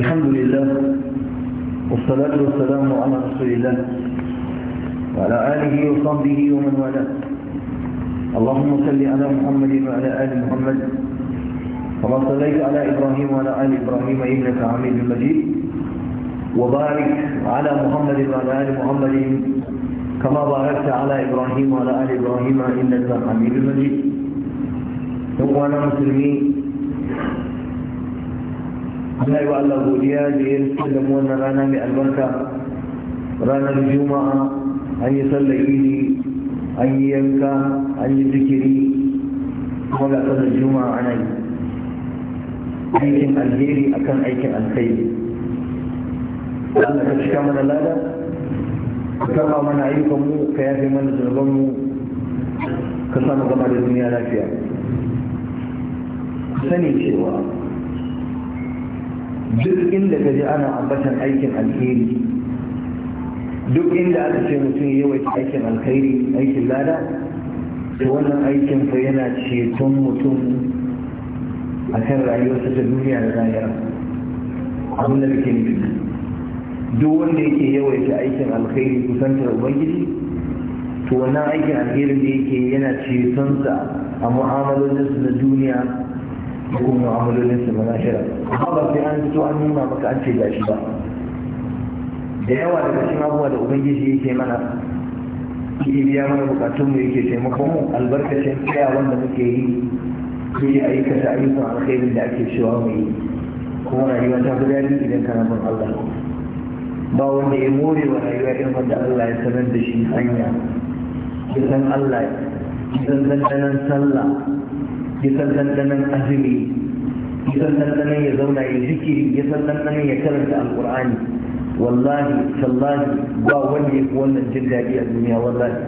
الحمد لله والصلاة والسلام على رسول الله وعلى آله وصحبه ومن والاه اللهم صل على محمد وعلى آل محمد كما صليت على إبراهيم وعلى آل إبراهيم إنك حميد مجيد وبارك على محمد وعلى آل محمد كما باركت على إبراهيم وعلى آل إبراهيم إنك حميد مجيد إخوانا مسلمين Allah yi wa Allah godiya da ya rikki da wannan rana mai albarka ranar juma'a an yi sallar idi an yi yanka an yi zikiri kuma ga sallar juma'a ana yi aikin alheri akan aikin alkhairi Allah ka cika mana lada ka karba mana ayyukanmu ka yafe mana zunubanmu ka samu gama da duniya lafiya sani cewa duk inda ka ji ana ambatan aikin alheri duk inda aka ce mutum yawaita aikin alheri aikin lada to wannan aikin fa yana ceton mutum a kan rayuwarsa ta duniya da lahira abin da kake nufi duk wanda yake yawaita aikin alheri kusantar ubangiji to wannan aikin alherin da yake yana cetonsa a mu'amalolinsa na duniya da kuma mu'amalolin su na shira amma ba sai an fito an nuna maka an ce gashi ba da yawa daga cikin abubuwa da ubangiji yake mana yake biya mana bukatun mu yake taimakon mu albarkacin tsaya wanda muke yi ko yi aikata ayyukan alkhairin da ake cewa mu yi kuma rayuwa ta fi daɗi idan kana bin Allah ba wanda ya more wa rayuwa irin wanda Allah ya sanar da shi hanya ya san Allah ya san dandanan sallah ya san dandanan azumi ya san dandanan ya zauna ya zikiri ya san dandanan ya karanta alkur'ani wallahi sallahi ba wani ya fi wannan jin daɗi a duniya wallahi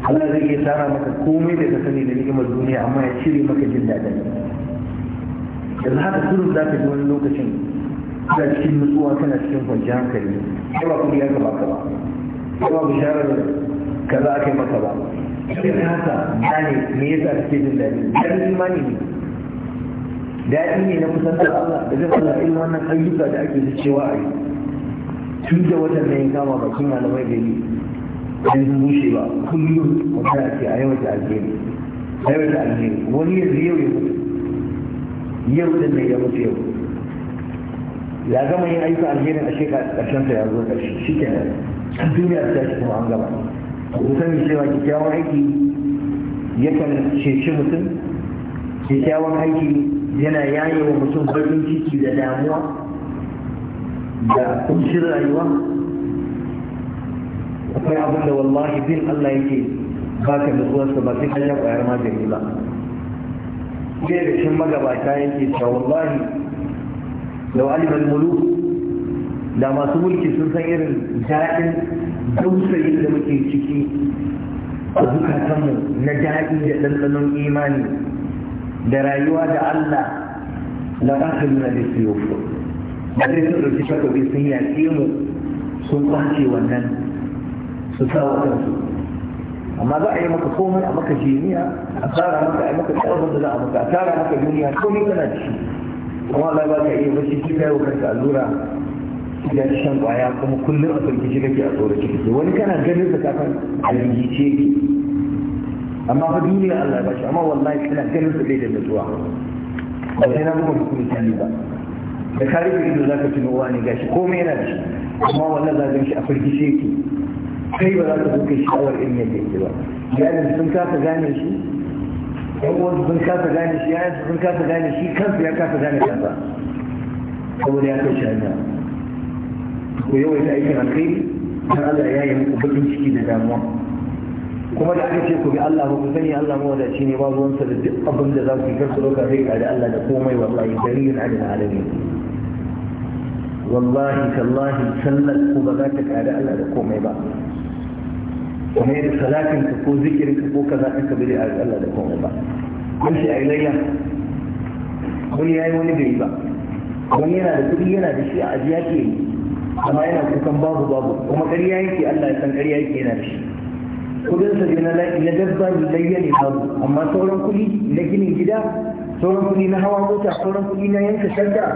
Allah zai iya tara maka komai da ka sani da ni'imar duniya amma ya cire maka jin daɗin yanzu haka kullum za ka ji wani lokacin kana cikin nutsuwa kana cikin kwanciyar hankali ya ba kuɗi gaba. ka ba ya ba bisharar kaza aka yi maka ba irin haka gane me yasa suke jin daɗi dan imani ne daɗi ne na kusantar Allah da zai Allah irin wannan ayyuka da ake ta cewa a yi tun da watan nan ya kama bakin malamai da yi an yi bushe ba kullum wata ake a yawan ta alheri a yawan da alheri wani yanzu yau ya mutu yau da ne ya mutu yau ya gama yin ayyuka alherin a shekara ƙarshen sa ya zo ƙarshe shi kenan duniya ta shi kuma an gaba ku cewa kyakkyawan aiki yakan ceci mutum kyakkyawan aiki yana yaye wa mutum baƙin ciki da damuwa da kunshin rayuwa akwai abin da wallahi bin Allah yake baka nutsuwarsa ba sai ka sha ƙwayar magani ba sai da magabata yake cewa wallahi لو علم الملوك da masu mulki sun san irin daɗin dausayin da muke ciki a zukatanmu na daɗi da ɗanɗanon imani da rayuwa da Allah na ƙasar na da su yau da zai sun ɗauki shakobi sun yaƙe mu sun kwace wannan su sa wa kansu amma za a yi maka komai a maka jiniya a tsara maka a maka tsarfin da za a maka a tsara maka duniya komai kana da shi kuma Allah ba ka iya bashi shi kai wa kanka allura ya ci shan kwaya kuma kullum a firgici kake a tsoraci kake wani kana ganin da kafin a rigice ke amma fa duniya Allah ya bashi amma wallahi kana ganin sa da zuwa. ba sai na buga mutum misali ba da ka rufe ido ka ci wa ne gashi komai yana da shi amma wallahi za ka shi a shi yake. kai ba za ka zo kai shawar in yadda yake ba iyalin sun kasa gane shi yan uwansu sun kasa gane shi yayan sun kasa gane shi kansa ya kasa gane kansa saboda ya kai shi hanya ku yawaita aikin alkhairi dan Allah ya yi muku bakin ciki da damuwa kuma da aka ce ku bi Allah ba ku sani Allah mawadaci ne babu wansa da duk abin da za ku yi kar ku ɗauka zai da Allah da komai wallahi dalilin adil alamin wallahi tallahi sallar ku ba za ta ƙari Allah da komai ba kuma yadda salatin ka ko zikirin ka ko kaza ka bi da Allah da komai ba kun shi ayi layya wani yayi wani bai ba wani yana da kuɗi yana da shi a ajiya ke yi amma yana kukan babu babu kuma ƙarya yake Allah ya san ƙarya yake yana da shi kudin sa na na dabba layya ne babu amma sauran kuɗi na ginin gida sauran kuɗi na hawa mota sauran kuɗi na yanka shadda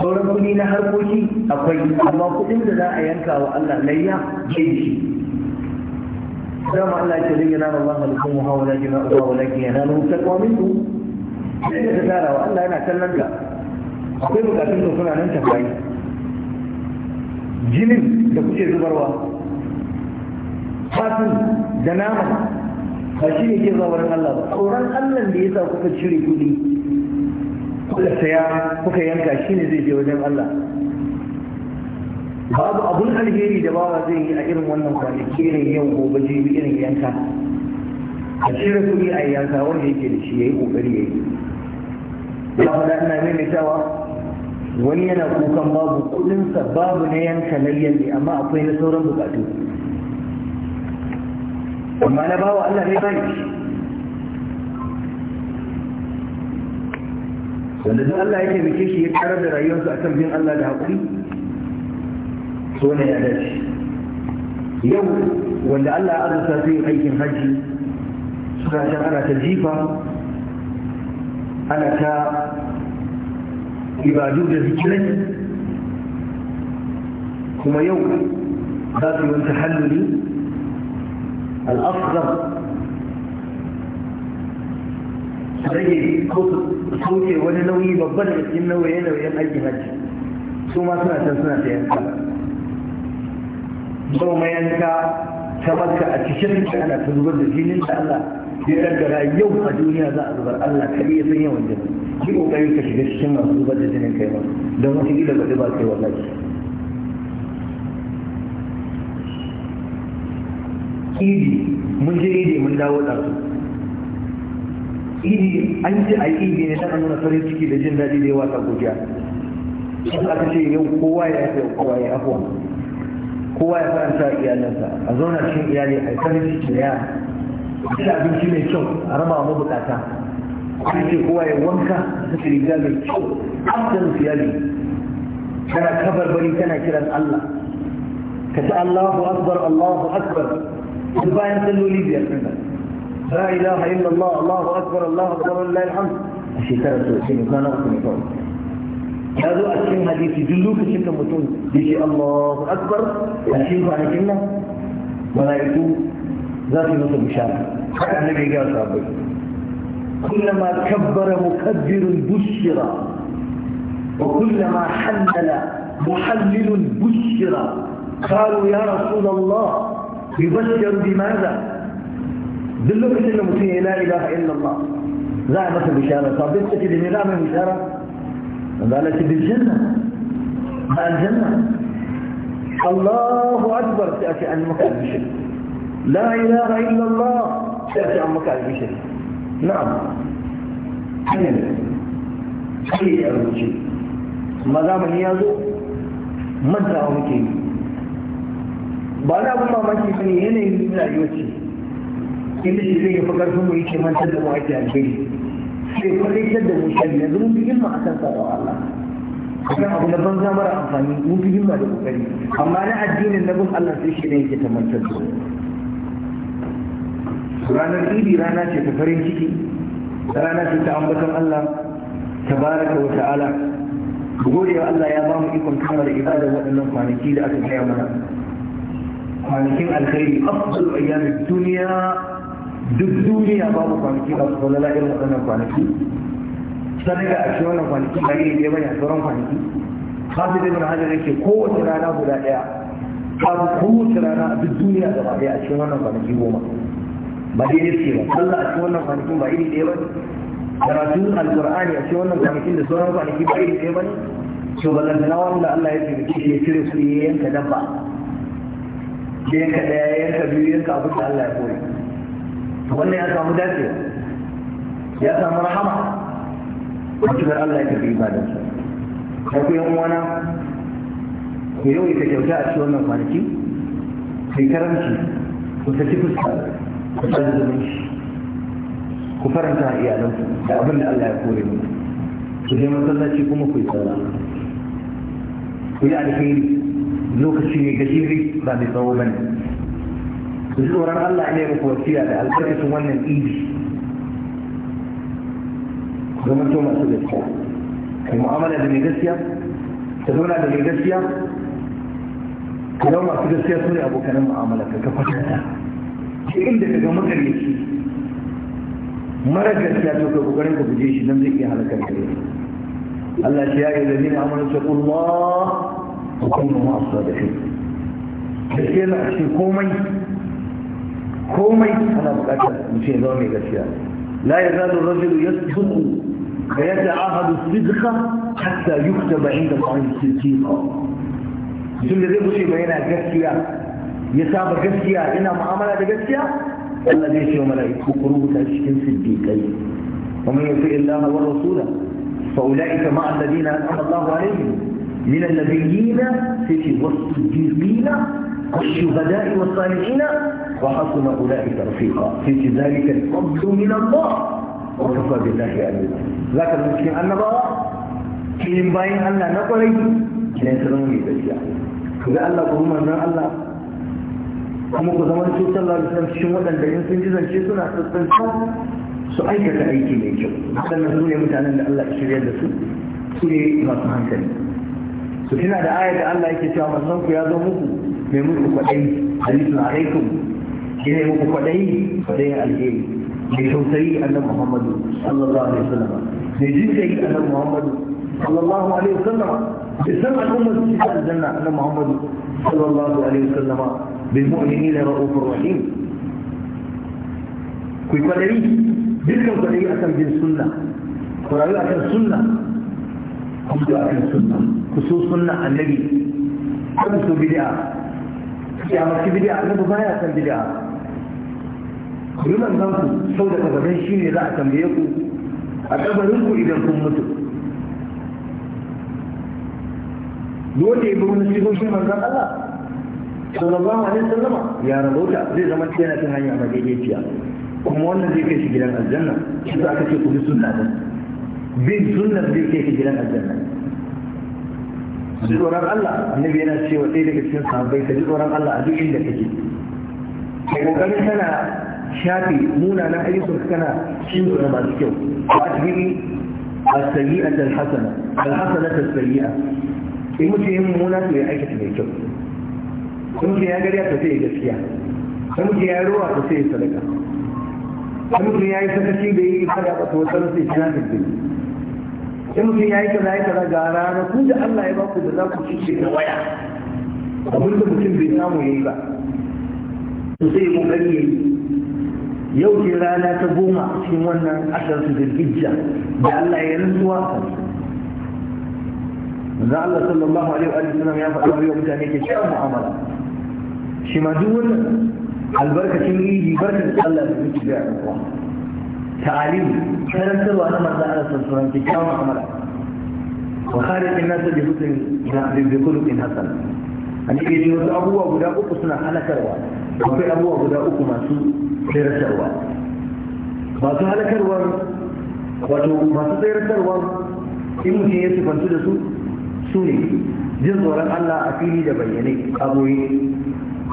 sauran kuɗi na harkoki akwai amma kuɗin da za a yanka wa Allah layya ke da shi dama Allah ce zai yana Allah da kuma hawa da jina uwa wa laki yana nan takwa min ku sai da tara wa Allah yana kallon ka akwai bukatun da suna nan tafayi jinin da kuke zubarwa fatin da nama ba shi ne ke zaurin Allah ba tsoron Allah da ya sa kuka cire kuɗi kuka saya kuka yanka shi ne zai je wajen Allah babu abun alheri da bawa zai yi a irin wannan kwanaki ne yau gobe jibi irin yanka a cire kuɗi a yanka wanda yake da shi ya yi ƙoƙari ya yi ya faɗa ina maimaitawa wani yana kukan babu kudinsa babu na yanka layyan ne amma akwai na sauran bukatu amma na bawa Allah ne bai wanda duk Allah ya taimake shi ya karar da rayuwarsa akan bin Allah da haƙuri so ne ya dace yau wanda Allah ya arzuta su yin aikin hajji suna can ana ta jifa ana ta ibadu da zikirai kuma yau za su yi wani tahalluli al'afzar rage ko su sauke wani nauyi babban da cikin nauye-nauyen aiki hajji su ma suna can suna ta yanka ba mayanka ta maka a cikin da ana ta zubar da jinin da Allah ya daggara yau a duniya za a zubar Allah ka iya sanya wanda shi ki kokarin ka shiga cikin masu zubar da jinin kai ba don wata kila ba ba kai wallahi idi mun je idi mun dawo da su idi an ji a idi ne ta nuna farin ciki da jin daɗi da yawa ta godiya sai aka ce yau kowa ya yi kowa ya afuwa kowa ya faranta iyalinsa a zauna cikin iyali a kan ciki ya ci abinci mai kyau a raba wa mabukata an ce kowa ya wanka da riga mai kyau a afdal iyali kana kabar bari kana kiran Allah ka ci Allahu akbar Allahu akbar duk bayan salloli biyar din la ilaha illallah Allahu akbar Allahu akbar lillahi alhamd a shekarar sosai ne kana uku ne kawai ya zo a cikin hadisi duk lokacin da mutum ya ce Allahu Akbar a cikin kwanakin nan mala'iku za su yi masa bishara haka annabi ya gaya sahabbai kullama kabbara mukabbirun bushira wa kullama hallala muhallilun bushira قالوا يا رسول الله يبشر بماذا دلوك سنة مسيح لا إله إلا الله زعمة بشارة صابت تجد من بشارة قالت بالجنة مع الجنة الله أكبر تأتي عن مكان بشر لا إله إلا الله تأتي عن مكان بشر نعم حين حين أرجو ما دام نيازو من دعوه كي bana abin mamaki ba ne yanayin rayuwa ce inda shi zai yi fakar sun mu yake mantar da mu ake alheri bai kwalitar da mu shari yanzu mun fi himma a kan Allah akan abu na banza mara amfani mun fi himma da kokari amma na addinin na bin Allah sai shi ne yake tamantar da ranar idi rana ce ta farin ciki rana ce ta ambaton Allah baraka wa ta'ala gode wa Allah ya ba mu ikon kamar ibada waɗannan kwanaki da aka kaya mana kwanakin alkhairi afdalu ayyamid duniya duk duniya babu kwanaki ba su falala irin waɗannan kwanaki sanin ga ashe wannan kwanaki ba iri ɗaya bane a sauran kwanaki hafi da ibn hajar yake kowace rana guda ɗaya babu kowace rana a duk duniya gaba ɗaya a cikin wannan kwanaki goma ba dai suke ba allah a cikin wannan kwanakin ba iri ɗaya bane karatun alƙur'ani a cikin wannan kwanakin da sauran kwanaki ba iri ɗaya bane to ballantana wanda Allah ya taimake shi ya cire su ya yanka dabba ya yanka ɗaya ya yanka biyu yanka abin da Allah ya koyi wannan ya samu dace ya samu rahama mutuwar Allah ya tafi ibadansa. ya ku yan uwana ku yau ita kyauta a cikin wannan kwanaki kai karanci ku saki fuska ku san zumunci ku faranta a iyalanku da abin da Allah ya kore mu ku je masallaci kuma ku yi sallah ku yi alheri lokaci ne gajiri ba mai tsawo bane ku tsoron Allah ne muku wasiya da albarkacin wannan idi ku zama to masu gaskiya kai mu'amala da mai gaskiya ka zauna da mai gaskiya ka zama masu gaskiya su ne abokanan mu'amala ka kafa ta shi inda ka ga makaryaci mara gaskiya to ka kokarin ka guje shi don zai iya halakar da Allah ya yi da zina amana ta kullu wa kullu ma'a sadiqin gaskiya na cikin komai كومي أنا بأكد من شيء دوني الأشياء لا يزال الرجل يصدق ويتعاهد الصدق حتى يكتب عند الله الصديق يقول لي غير شيء بينا جسيا يساب جسيا انها معاملة جسيا الله ليس يوم لا يتقروا تشكين صديقين ومن يفئ الله والرسول فأولئك مع الذين أنعم الله عليهم من النبيين في والصديقين والشهداء والصالحين وحسن أولئك رفيقا في ذلك الفضل من الله وكفى بالله عليما ذاك المسلم أن بابا كلم باين أن لا نقري لا يترمي بجاء كذا الله قهما من الله kuma ku zama su sallah da cikin waɗanda in sun ji zance suna sassan su aikata aiki mai kyau waɗannan su ne mutanen da Allah ya shirya da su su ne masu hankali su tuna da ayar da Allah yake cewa manzon ku ya zo muku mai muku kwaɗayi hadisun alaikum shi ne muku kwaɗayi kwaɗayin alheri mai tausayi annabi muhammadu sallallahu alaihi wasallam mai jinsayi annabi muhammadu sallallahu alaihi wasallam bai san al'ummar su ta aljanna annabi muhammadu sallallahu alaihi wasallam bil mu'minina ra'ufur rahim ku kwaɗayi dukkan kwaɗayi akan bin sunna ku rayu akan sunna ku mutu akan sunna ku so sunna annabi kan su bid'a ya maki bid'a annabi baya san bid'a yi manzan ku sau da kabarin shi ne za a tambaye ku a kabarin ku idan kun mutu dole ya bi shi sigoshin manzan Allah sallallahu alaihi wasallam ya rabota zai zama yana cin hanya mai daidaiciya kuma wannan zai kai shi gidan aljanna shi za ka ce ku bi sunna din bin sunna zai kai shi gidan aljanna tsoron Allah annabi yana cewa ɗaya daga cikin sahabbai ka ji tsoron Allah a duk inda kake kai kokarin tana shafe munanan ayyukan kana cin su da masu kyau a asbihi as-sayyi'ata al-hasana al-hasanata as-sayyi'a in mutum yin muna su ya aikata mai kyau in mutum ya gariya to sai ya gaskiya in mutum ya ruwa to sai ya sadaka in mutum ya yi sakaci da yi kada ba to wasu sai ya fi gini in mutum ya yi kaza ya kaza ga rana ku da Allah ya ba ku da za ku ci da waya abin da mutum bai samu ya yi ba sai ya kokari ya yi yau ce rana ta goma cikin wannan ashar su da hijja da Allah ya rantsuwa a za Allah sallallahu alaihi wa sallam ya faɗa wa mutane ke cewa mu'amala shi ma duk wannan albarkacin yi barkar Allah da kuke da kuwa ta'alim karantarwa na manzo Allah sallallahu alaihi wa sallam ke cewa mu'amala wa khariq an-nas bi husn bi khuluqin hasan an yi wasu abubuwa guda uku suna halakarwa akwai abubuwa guda uku masu tsirasarwa masu halakarwa wato masu tsirasarwar in mutum ya sifantu da su su ne jin tsoron Allah a fili da bayyane a boye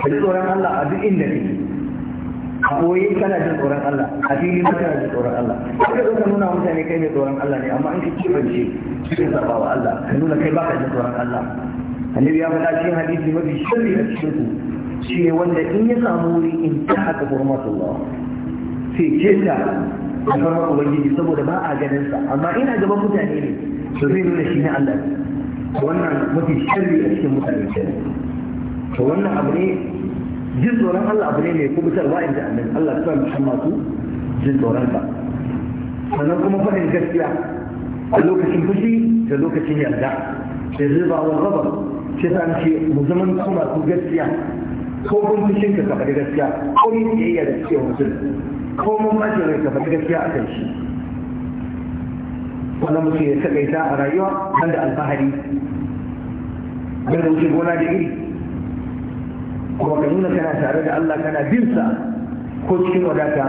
ka ji tsoron Allah a duk inda kake a boye kana jin tsoron Allah a fili ma kana jin tsoron Allah kada ka nuna mutane kai ne tsoron Allah ne amma in ka kifance cikin sabawa Allah ka nuna kai baka jin tsoron Allah annabi ya faɗa cikin hadisi mafi shirri a cikin ku shi ne wanda in ya samu wuri in ta haka hurmatullah sai keta da farma ubangiji saboda ba a ganin sa amma ina gaban mutane ne to zai nuna shi ne Allah wannan mafi sharri a cikin mutane ce to wannan abu ne jin tsoron Allah abu ne mai kubutarwa in ji annabi Allah ta mu san masu jin tsoron sa sannan kuma faɗin gaskiya a lokacin fushi da lokacin yarda da zuba wa gabar shi ce mu zaman kuma su gaskiya ko kun fushin ka faɗi gaskiya ko yi tsayayya da suke mutum ko mun mace rai faɗi gaskiya a kan shi wannan mutum ya takaita a rayuwa nan da alfahari abin da wuce gona da iri kuma ka nuna kana tare da Allah kana bin sa ko cikin wadata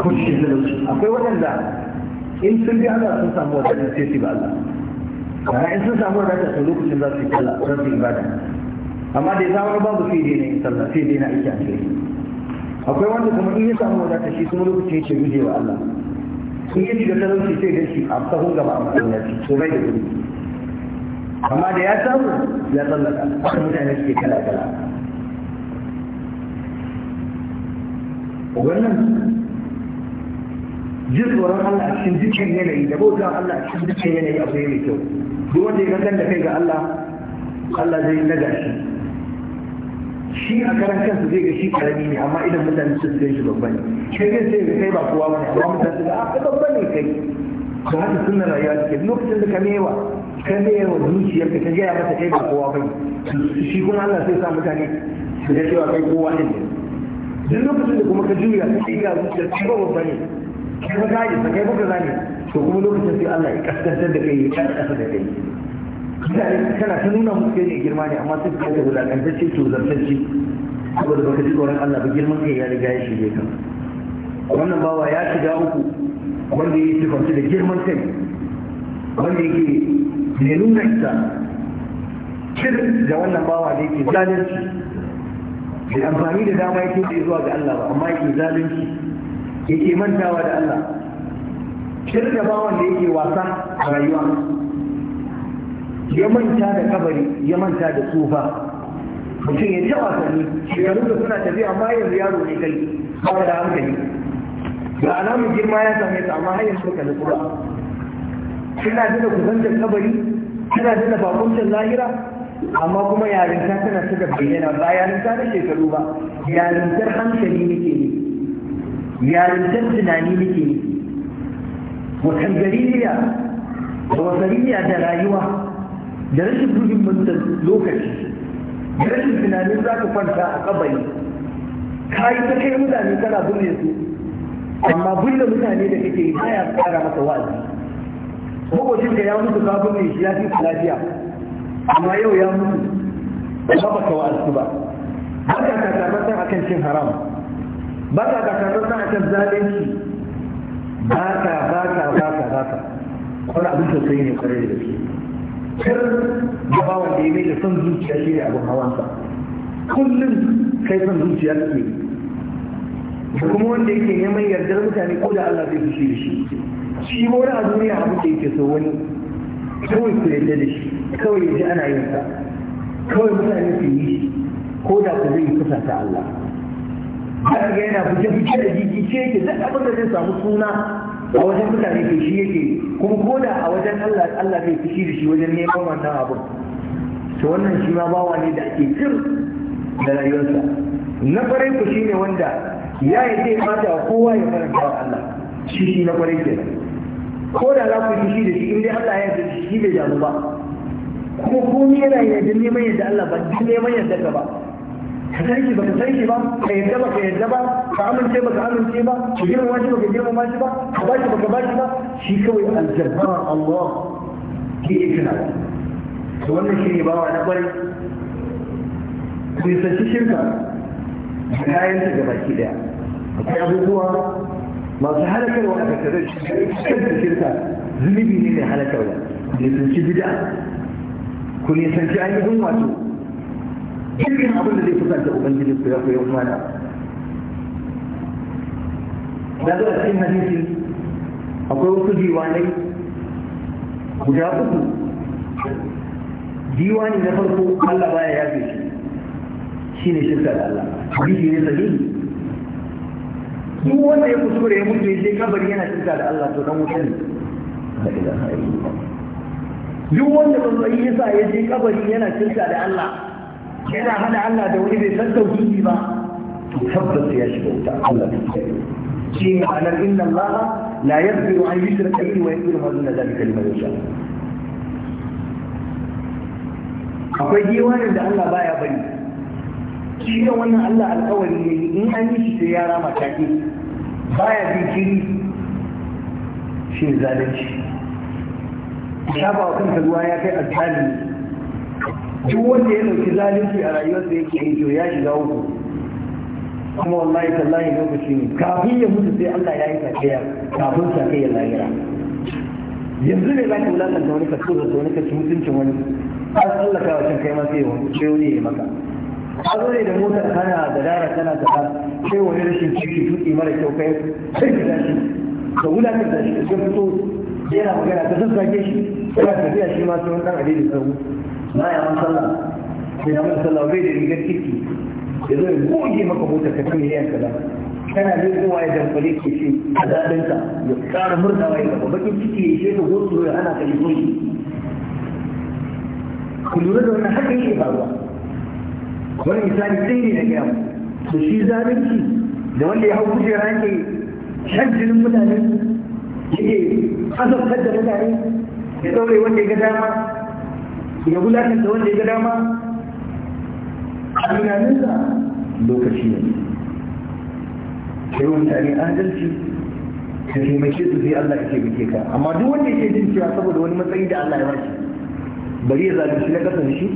ko cikin talauci akwai waɗanda in sun bi Allah sun samu wadata sai su ba Allah amma in sun samu wadata to lokacin za su yi kalla, za su yi ibada amma da ya samu babu sai dai na yin sallah sai dai na aiki a kai akwai wanda kuma in ya samu wadata shi kuma lokaci yake guje wa Allah in ya shiga talauci sai da shi a sahun gaba a shi to bai da gudu amma da ya samu ya tsallaka haka mutane suke kala kala wannan jin tsoron Allah a cikin dukkan yanayi da bauta Allah a cikin dukkan yanayi akwai ne mai kyau duk wanda ya gangan da kai ga Allah Allah zai naga shi shi a karan kansa zai ga shi karami ne amma idan mutane sun sai shi babban ne kai zai sai kai ba kowa ba amma mutane ga a ah, babban ne kai to haka sunna rayuwa take lokacin da ka mewa ka mewa zuciyar ka gaya mata kai ba kowa ba shi kuma Allah sai sa mutane su ga cewa kai kowa ne duk lokacin da kuma ka juya ka kai ga zuciyar ka babban ne kai ba ka kai ba ka zane to kuma lokacin sai Allah ya kaskantar da kai ya kaskantar da kai kana ta nuna musu kai ne girma ne amma sai ka ta wulakantacce to zartacce saboda baka ji tsoron Allah ba girman kai ya riga ya shige ka wannan bawa ya shiga uku wanda ya sifanci da girman kai wanda yake ne nuna ita kir da wannan bawa da yake zalunci bai amfani da dama yake da zuwa ga Allah ba amma yake zalunci yake mantawa da Allah kir da bawan da yake wasa a rayuwa ya manta da kabari ya manta da tsufa mutum ya taɓa sani shekarun da suna tafiya amma yanzu yaro ne kai ba da hankali ga alamun girma ya same ta amma hanyar yanzu ka nutsu ba kina kusantar kabari suna dina bakuncin lahira amma kuma yarinta tana suka bayyana ba yarinta na shekaru ba yarintar hankali nake ne yarintar tunani nake ne wata gariya da wata da rayuwa da rashin muhimmanci lokaci da rashin tunanin za ka kwanta a kabari ka yi ta kai mutane kana binne su amma binne mutane da kake yi baya tsara masa wa'azi makwacin ka ya mutu ka binne shi ya fi lafiya amma yau ya mutu ba ba ka wa'azi ba ba ka takarar akan cin haram ba ka takarar akan zalunci ba ka ba ka ba ka ba ka wani abin sosai ne kwarai da gaske kar da bawan da ya da son zuciya shi ne abin hawansa kullum kai son zuciya kake da kuma wanda yake neman yardar mutane ko da Allah zai fushi da shi shi wani a duniya abin da yake so wani kawai ku yarda da shi kawai ya ji ana yin sa kawai mutane su yi shi ko da ku zai kusa ta Allah har ga yana fice fice da jiki ce ke duk abin da zai samu suna a wajen mutane to shi yake kuma ko da a wajen Allah Allah zai fushi da shi wajen neman wannan abin to wannan shi ma bawa ne da ake cin da rayuwarsa na farai ku shine wanda ya yi zai mata wa kowa ya faranta wa Allah shi shi na farai ke ko da za ku fushi da shi in dai Allah ya yarda shi bai jaru ba kuma komai yana yarda neman yadda Allah ba neman yadda ba ka san ba ka san shi ba ka yadda ba ka yadda ba ka amince ba ka amince ba ka girmama shi ba ka girmama shi ba ka ba shi ba ka ba shi ba shi kawai aljabbar Allah ke ikina to wannan shi ne bawa na kwarai ku yi sanci shirka da kayan ta gabaki daya akwai abubuwa masu halakarwa a tattare da shirka zunubi ne mai halakarwa ku nisanci bid'a ku nisanci ainihin wato dukkan abin da zai kusanta ubangiji ku ya koyi mana da zuwa cikin hadisi akwai wasu diwanai guda uku diwani na farko Allah baya yafe shi ne shirka da Allah hadisi ne sahihi duk wanda ya kuskure ya mutu ya je kabari yana shirka da Allah to dan wuta ne la ilaha illallah duk wanda manzo Isa ya je kabari yana shirka da Allah yana hana Allah da wani bai san tauhidi ba to tabbas ya shiga wuta Allah ya tsare shi ma'anar inna Allah la yaghfiru an yushraka bihi wa yaghfiru ma duna dhalika liman yasha akwai diwanin da Allah baya bari shi ne wannan Allah alƙawari ne in an yi shi sai ya rama take baya jinkiri shi zalunci shafa wa kanka ruwa ya kai azzalimi duk wanda ya dauki zalunci a rayuwarsa yake yi to ya shiga uku kuma wallahi tallahi lokaci ne kafin ya mutu sai Allah ya yi tafiya kafin sa kai ya lahira yanzu ne zaka lalata wani ka tsoro da wani ka ci mutuncin wani har Allah ka wacin kai ma sai wani sai wani ya maka ka zo ne da motar kana da dara kana da ka sai wani rashin ciki tuki mara kyau kai sai ka tashi ka da shi ka fito yana magana ka sassake shi kana tafiya shi ma sai wani dan adidi sabu na ya man sallah sai na masa sallah bai da rigar kirki ya zo ya goge maka motar ka tun miliyan kaza kana ne kowa ya damfare ke shi a ka ya ƙara murna, ya gaba bakin ciki ya shi ka gosu ya ana ka yi shi ku lura da wannan haka yake faruwa wani misali ɗaya ne na gaya mu to shi zalunci da wanda ya hau kujera yake shan jinin mutane yake azabtar da mutane ya ɗaure wanda ya ga dama ya wulakanta wanda ya ga dama a tunaninsa lokaci ne sai mutane adalci ka taimake su sai Allah ya taimake ka amma duk wanda yake jin cewa saboda wani matsayi da Allah ya bashi bari ya zalunci na kasan shi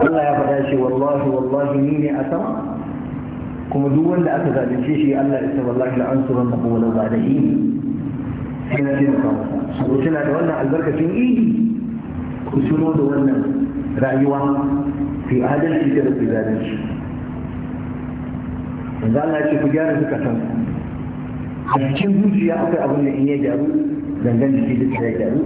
Allah ya faɗa shi wallahi wallahi ni ne a sama kuma duk wanda aka zalunce shi Allah ya ce wallahi la ansuran na kowa da yi sai na taimaka masa saboda tana da wannan albarkacin idi ku shiro da wannan rayuwa fi adalci da rufe zalunci yanzu Allah ya ce ku gyara duka zukatan a cikin zuciya akwai abin da in ya gyaru dangan jiki duk ya gyaru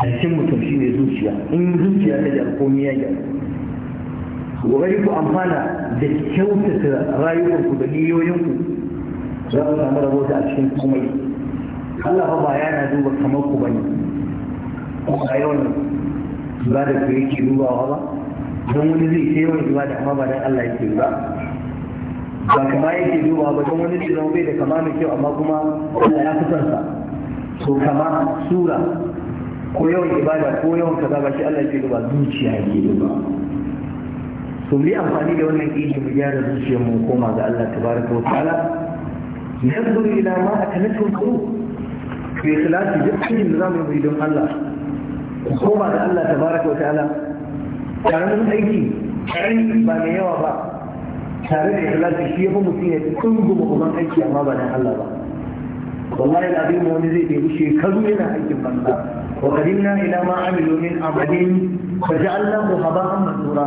a cikin mutum shi ne zuciya in zuciya ta gyaru komai ya gyaru kokari ku amfana da kyautata rayuwarku da niyoyinku za ku samu rabota a cikin komai Allah ba ya na duba kamar ku ba ne. ko a ba da ko yake dubawa ba don wani zai ce yawan ibada amma ba dan Allah yake ba ba kama yake dubawa ba don wani zai zama bai da kama mai kyau amma kuma Allah ya fitar sa so kama sura ko yawan ibada ko yawan kaza ba shi Allah yake duba zuciya yake duba to mu yi amfani da wannan ilimi mu gyara zuciyar mu koma ga Allah tabaraka wa ta'ala yanzu ila ma akanatu qulub bi ikhlasi duk cikin da zamu yi don Allah koma da Allah ta baraka wa ta'ala mun aiki karami ba mai yawa ba tare da ikhlasi shi yafi mutum ya tsunguma uban aiki amma ba dan Allah ba wallahi alazim wani zai ɗebi shekaru yana aikin banza wa qadimna ila ma amilu min amalin fa ja'alnahu haba'an mansura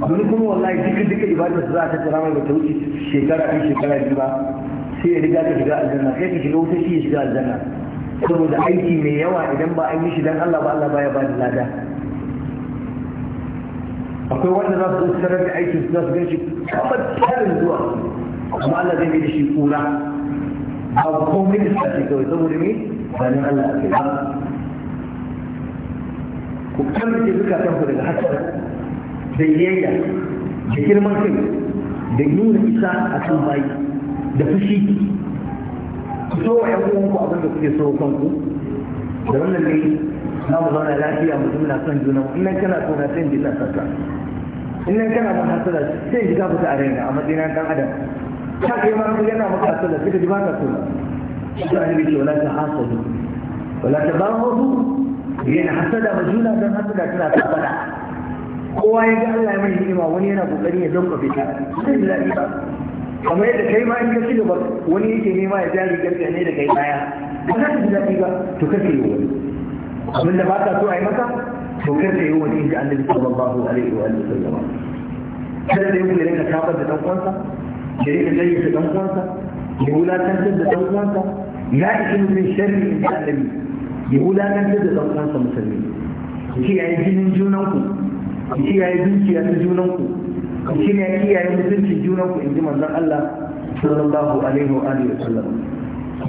wani kuma wallahi duka duka ibadar za ta tsara mai ta wuce shekara ɗin shekara biyu ba sai ya riga ta shiga aljanna sai ta shiga wuce shi ya shiga aljanna saboda aiki mai yawa idan ba an yi shi dan Allah ba Allah baya ba da lada akwai wanda za su sanar da aiki su za su shi kamar tarin zuwa amma Allah zai mai da shi kura a komai da sashi kawai saboda me ba ni Allah ake ba ku kamce zukatanku daga hatsar da yayya da girman kai da nuna isa a kan bayi da fushi ku so wa yan uwanku abin da kuke so kanku da wannan ne na mu zauna lafiya mu zuna son juna in nan kana so na sai in ji ta sarka in nan kana mun hasala sai in ji ka fita a raina a matsayin dan adam ta kai ma ku yana maka hasala sai ka ji ba ka so shi annabi ce wala ta hasadu wala ta ba hudu yana hasada ba juna dan hasada tana ta fada kowa ya ga Allah ya mai ni'ima wani yana kokari ya dauka fita sai da ba kamar yadda kai ma in ka ci gaba wani yake nema ya jari rigar ne da kai baya ba za ka ji daɗi ba to kake ka yi wani abin da ba ka so a yi maka to kar ka yi wani in ji annabi sallallahu alaihi wa sallam kada da yau ya rinka kafar da dan uwansa ya rinka da dan uwansa ya wulatantar da dan uwansa ya isa min sharri in ji annabi ya wulatantar da dan uwansa musulmi ki yayi jinin junanku ki yayi dukiya ta junanku shi ne kiyaye mutuncin junan ku in ji manzon Allah sallallahu alaihi wa alihi wasallam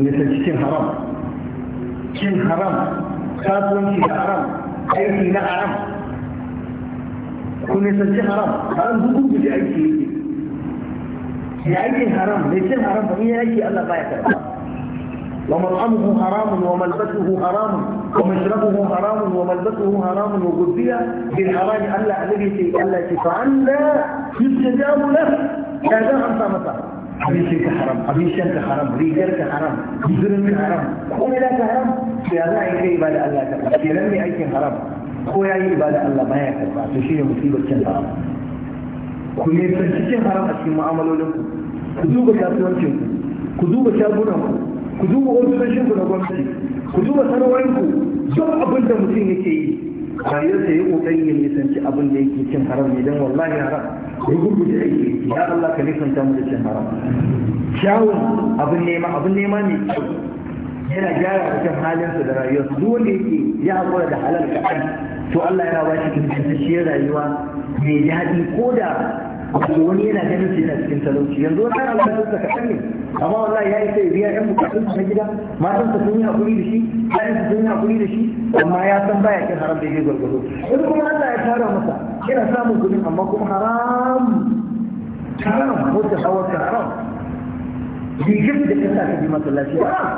ne san cikin haram cin haram kasuwanci da haram aiki na haram ku ne san cin haram haram duk ku ji aiki ya aikin haram mai cin haram ba in ya aiki Allah baya karba wa mar'amuhu haramun wa malbasuhu haramun ومشربه حرام وملبسه حرام وغذية بالحرام ألا الذي ألا فعلا يستجاب له هذا أنت متى abincinka haram abincinka haram rigarka haram guzurinka haram komai da ka haram to ya za a yi kai ibada Allah ka karɓa kenan mai aikin haram ko ya yi ibada Allah baya karɓa to shine musibar cin haram ku ne sarki cin haram a cikin mu'amalolin ku ku duba kasuwancin ku ku na gwamnati ku duba sarwarku duk abin da mutum yake yi rayuwarsa ya kokari ya nisanci abin da yake cin haram ne don wallahi haram ya da yake ya Allah ka nisanta mu da cin haram kyawun abin nema abin nema ne kyau yana gyara cikin halinsa da rayuwarsa duk wanda yake ya haƙura da halal kaɗan to Allah yana ba shi ingantacciyar rayuwa mai daɗi ko da wato wani yana ganin su yana cikin talauci yanzu wani ana da suka kaɗan ne amma wallahi ya isa ya biya ɗan bukatun na gida matan sa sun yi hakuri da shi yayin sa sun yi hakuri da shi amma ya san baya kin haram da yake gwargwado wani kuma Allah ya tara masa yana samun kuɗi amma kuma haram haram wata hawa haram rigar da ka sa ka bi masallaci haram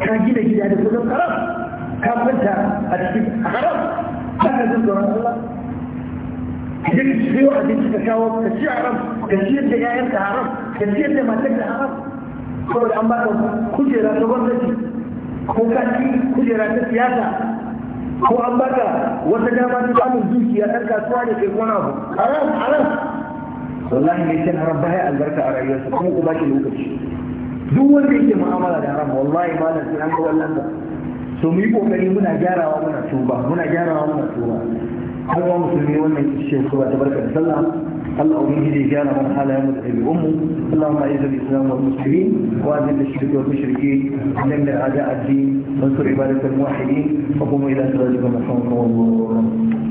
ka gina gida da kudin haram ka kwanta a cikin haram ka zan tsoron Allah idan su sayo abinci ka kawo ka ci haram ka ciyar da yayan ka haram ka ciyar da matar ka haram saboda an ba ka kujera ta gwamnati ko ka kujera ta siyasa ko an ba ka wata dama ta samun dukiya ɗan kasuwa ne kai kona abu haram haram wallahi mai cin haram baya albarka a rayuwarsa kuma ku ba shi lokaci duk wanda yake mu'amala da haram wallahi malam sai an ga wallan so mu yi kokari muna gyarawa muna tuba muna gyarawa muna tuba har wa musulmi wannan ce su ta barka da sallah Allah ubangiji ya gyara mana halayen mu da ɗabi'unmu Allahumma a'iz al-islam wal muslimin wa azil ash-shirk wal mushrikeen dammir a'da ad-din wa ansur ibadatal muwahhidin wa qum ila salatika wa sallu